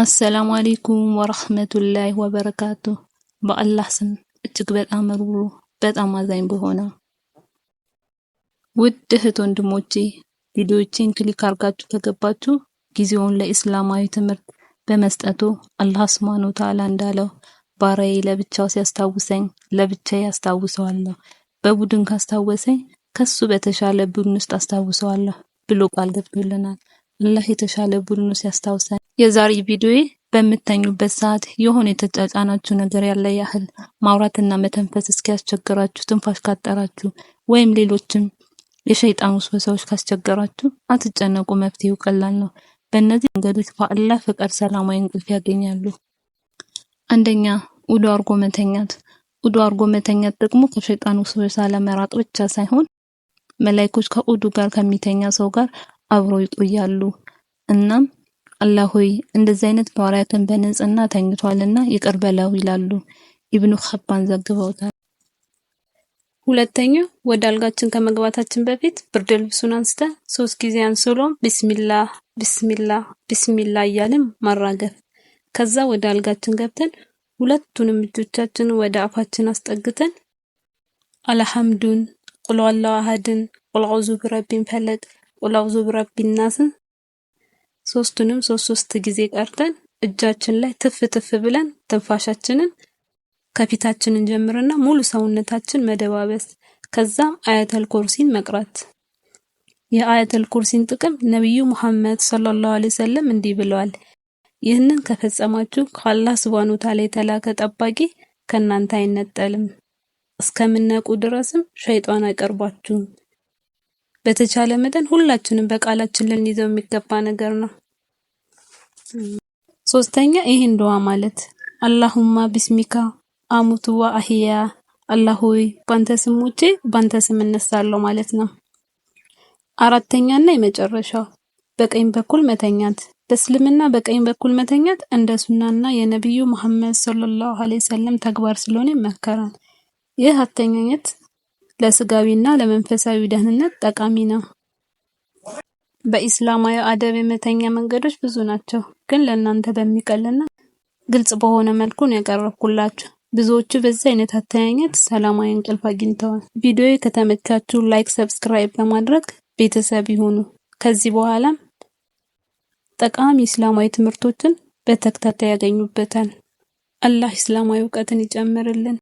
አሰላሙ አሌይኩም ወረህመቱላሂ ወበረካቱ። በአላህ ስም እጅግ በጣም ሩሩ በጣም አዛኝ በሆነ ውድ እህት ወንድሞቼ ቪዲዮዎችን ክሊክ አድርጋችሁ ከገባችሁ ጊዜውን ለእስላማዊ ትምህርት በመስጠቱ አላህ ሱብሓነሁ ወተዓላ እንዳለው ባሪያዬ ለብቻው ሲያስታውሰኝ ለብቻ ያስታውሰዋለሁ በቡድን ካስታወሰኝ ከሱ በተሻለ ቡድን ውስጥ አስታውሰዋለሁ ብሎ ቃል ገብቶልናል። አላህ የተሻለ ቡድን ውስጥ ያስታውሰን። የዛሬ ቪዲዮዬ በምተኙበት ሰዓት የሆነ የተጫጫናችሁ ነገር ያለ ያህል ማውራትና መተንፈስ እስኪያስቸግራችሁ ትንፋሽ ካጠራችሁ ወይም ሌሎችም የሸይጣን ውስወሳዎች ካስቸገራችሁ አትጨነቁ፣ መፍትሄው ቀላል ነው። በእነዚህ መንገዶች በአላህ ፍቃድ ሰላማዊ እንቅልፍ ያገኛሉ። አንደኛ ውዱ አርጎ መተኛት። ውዱ አርጎ መተኛት ደግሞ ከሸይጣን ውስወሳ ለመራቅ ብቻ ሳይሆን መላይኮች ከውዱ ጋር ከሚተኛ ሰው ጋር አብረው ይቆያሉ እናም አላህ ሆይ እንደዚህ አይነት ባሪያትን በንጽህና ተኝቷልና ይቅር በለው ይላሉ። ኢብኑ ኸባን ዘግበውታል። ሁለተኛ ወደ አልጋችን ከመግባታችን በፊት ብርድ ልብሱን አንስተን ሶስት ጊዜ አንሶሎም ቢስሚላህ ቢስሚላህ ቢስሚላህ እያልን ማራገፍ። ከዛ ወደ አልጋችን ገብተን ሁለቱንም እጆቻችን ወደ አፋችን አስጠግተን አልሐምዱን ቁል ሁወላሁ አሐድን ቁል ፈለቅ ቁል አዑዙ ናስን ሶስቱንም ሶስት ሶስት ጊዜ ቀርተን እጃችን ላይ ትፍ ትፍ ብለን ትንፋሻችንን ከፊታችንን ጀምርና ሙሉ ሰውነታችን መደባበስ፣ ከዛም አያተል ኩርሲን መቅራት። የአያተል ኩርሲን ጥቅም ነቢዩ ሙሐመድ ሰለላሁ ዐለይሂ ወሰለም እንዲህ ብለዋል፣ ይህንን ከፈጸማችሁ ከአላህ ሱብሃነሁ ወተዓላ የተላከ ጠባቂ ከእናንተ አይነጠልም፣ እስከምነቁ ድረስም ሸይጣን አይቀርባችሁም። በተቻለ መጠን ሁላችንም በቃላችን ልንይዘው የሚገባ ነገር ነው። ሶስተኛ ይህን ዱዓ ማለት አላሁማ ቢስሚካ አሙቱ ወአህያ አላሁይ ባንተ ስም ውጪ ባንተ ስም እነሳለሁ ማለት ነው። አራተኛና የመጨረሻው በቀኝ በኩል መተኛት በእስልምና በቀኝ በኩል መተኛት እንደ ሱናና የነቢዩ መሐመድ ሰለላሁ ዐለይሂ ወሰለም ተግባር ስለሆነ ይመከራል። ይህ አተኛኘት ለስጋዊና ለመንፈሳዊ ደህንነት ጠቃሚ ነው። በኢስላማዊ አደብ የመተኛ መንገዶች ብዙ ናቸው፣ ግን ለእናንተ በሚቀልና ግልጽ በሆነ መልኩ ነው ያቀረብኩላችሁ። ብዙዎቹ በዚህ አይነት አተያኘት ሰላማዊ እንቅልፍ አግኝተዋል። ቪዲዮ ከተመቻችሁ ላይክ፣ ሰብስክራይብ በማድረግ ቤተሰብ ይሁኑ። ከዚህ በኋላም ጠቃሚ ኢስላማዊ ትምህርቶችን በተከታታይ ያገኙበታል። አላህ ኢስላማዊ እውቀትን ይጨምርልን።